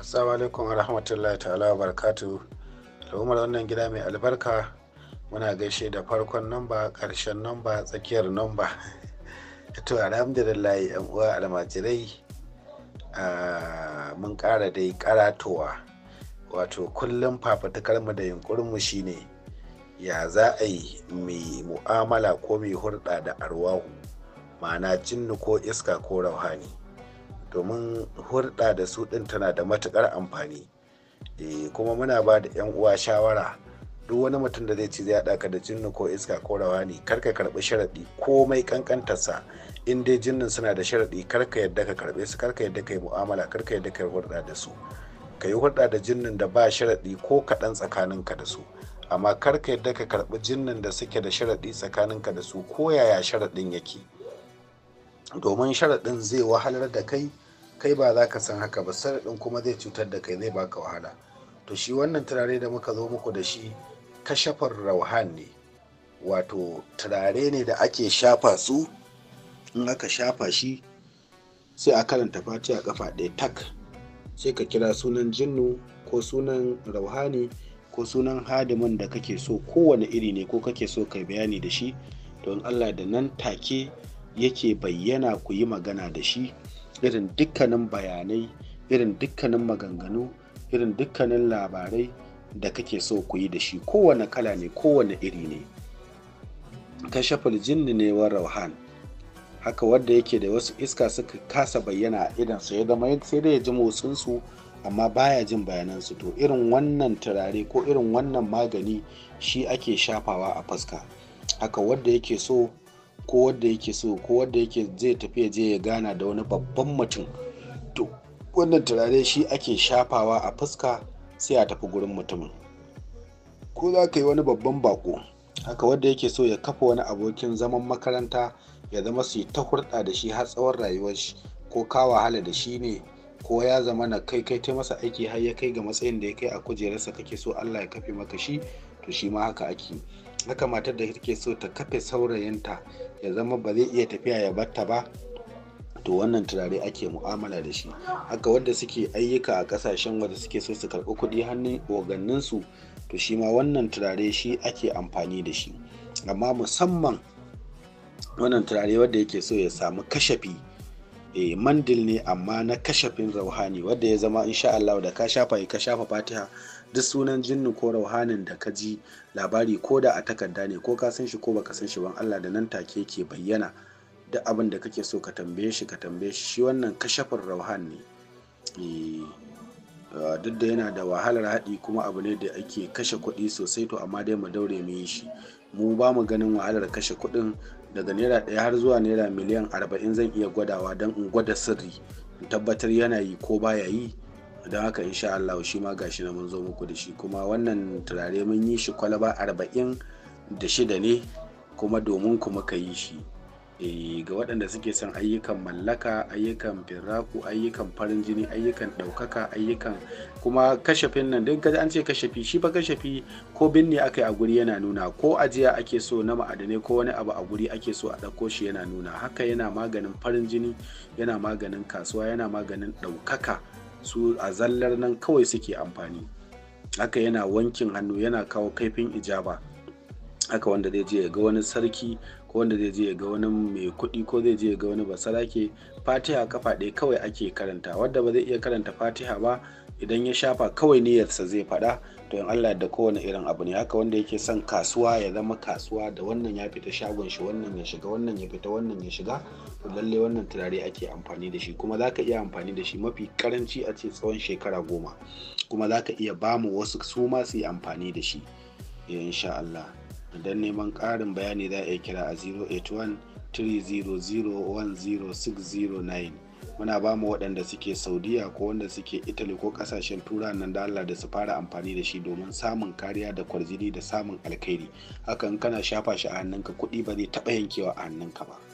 assalamu alaikum wa rahmatullahi ta'ala wa barkatu al'ummar wannan gida mai albarka muna gaishe da farkon namba karshen namba tsakiyar namba to alhamdulillah yan uwa almajirai mun kara dai karatowa wato kullum fafatukar mu da yunkurin mu shine ya za a yi mai mu'amala ko mai hurɗa da arwahu ma'ana jinnu ko iska ko rauhani domin hulɗa da su ɗin tana da matuƙar amfani eh, kuma muna ba da 'yan uwa shawara duk wani mutum da zai ci zai haɗa ka da jinnu ko iska ko ne kar ka karɓi sharaɗi komai ƙanƙantarsa in dai jinnin suna da sharaɗi kar ka yadda ka karɓe su kar ka yadda ka yi mu'amala kar ka yadda ka yi hulɗa da su ka yi hulɗa da jinnin da ba sharaɗi ko kaɗan tsakaninka da su amma kar ka yadda ka karɓi jinnin da suke da sharaɗi tsakaninka da su ko yaya sharaɗin yake domin sharaɗin zai wahalar da kai kai ba za ka san haka ba sanadin kuma zai cutar da kai zai baka wahala to shi wannan turare da muka zo muku da shi kashafar rauhan ne wato turare ne da ake shafa su in aka shafa shi sai a karanta fati a kafa ɗaya tak sai ka kira sunan jinnu ko sunan rauhani ko sunan hadimin da kake so kowane iri ne ko kake so ka bayani da shi don allah da nan take yake bayyana ku yi magana da shi irin dukkanin bayanai irin dukkanin maganganu irin dukkanin labarai da kake so ku yi da shi kowane kala ne kowane iri ne kashafal jinni ne wa rauhan haka wadda yake da wasu iska suka kasa bayyana idan su ya zama sai dai ya ji motsinsu amma baya jin bayanansu to irin wannan turare ko irin wannan magani shi ake shafawa a fuska haka wadda yake so ko wanda yake so ko wanda yake zai tafi je ya gana da wani babban mutum to wannan turare shi ake shafawa a fuska sai a tafi gurin mutumin ko za ka yi wani babban bako haka wanda yake so ya kafa wani abokin zaman makaranta ya zama su yi ta hurɗa da shi har tsawon rayuwar shi ko ka wahala da shi ne ko ya zama na kai kai ta masa aiki har ya kai ga matsayin da ya kai a kujerarsa kake so Allah ya kafe maka shi to shi ma haka ake haka matar da take so ta kafe saurayinta ya zama ba zai iya tafiya ya batta ba to wannan turare ake mu'amala da shi haka wanda suke ayyuka a kasashen wanda suke so su karɓi kuɗi hannun oganninsu to shi ma wannan turare shi ake amfani da shi amma musamman wannan turare wanda yake so ya samu kashafi e, mandil ne amma na kashafin rauhani wanda ya zama insha da ka shafa ka shafa fatiha duk sunan jinnu ko rauhanin da ka ji labari ko da a takarda ne ko ka san shi ko baka san shi ban Allah da nan take ke bayyana duk abin da kake so ka tambaye shi ka tambaye shi shi wannan kashafin rauhan ne eh, ah, duk da yana da wahalar haɗi kuma abu ne da ake kashe kuɗi sosai to amma dai mu daure mu yi shi mu ba mu ganin wahalar kashe kuɗin daga naira ɗaya har zuwa naira miliyan arba'in zan iya gwadawa don in gwada sirri in tabbatar yana yi ko baya yi don haka insha Allah shi ma gashi na mun zo muku da shi kuma wannan turare mun yi shi kwalaba arba'in da shida ne kuma domin ku muka yi shi eh, ga waɗanda suke son ayyukan mallaka ayyukan firaku ayyukan farin jini ayyukan ɗaukaka ayyukan kuma kashafin nan duk an ce kashafi shi fa kashafi ko binne aka yi a guri yana nuna ko ajiya ake so na ma'adanai ko wani abu a guri ake so a ɗauko shi yana nuna haka yana maganin farin jini yana maganin kasuwa yana maganin ɗaukaka su a zallar nan kawai suke amfani haka yana wankin hannu yana kawo kaifin ijaba haka wanda zai je ya ga wani sarki ko wanda zai je ya ga wani mai kuɗi ko zai je ya ga wani basarake fatiha kafa ɗaya kawai ake karanta wadda ba zai iya karanta fatiha ba idan ya shafa kawai niyyarsa zai faɗa to in Allah da kowane irin abu ne haka wanda yake son kasuwa ya zama kasuwa da wannan ya fita shagon shi wannan ya shiga wannan ya fita wannan ya shiga to lalle wannan turare ake amfani da shi kuma zaka iya amfani da shi mafi karanci a ce tsawon shekara goma kuma zaka iya ba mu wasu su ma su yi amfani da shi eh, sha Allah idan neman ƙarin bayani za a iya kira a 081 300 10609 muna ba mu waɗanda suke saudiya ko wanda suke italy ko ƙasashen tura nan da allah da su fara amfani da shi domin samun kariya da kwarzini da samun alkhairi hakan kana shafa shi a hannunka kuɗi ba zai taɓa yankewa a hannunka ba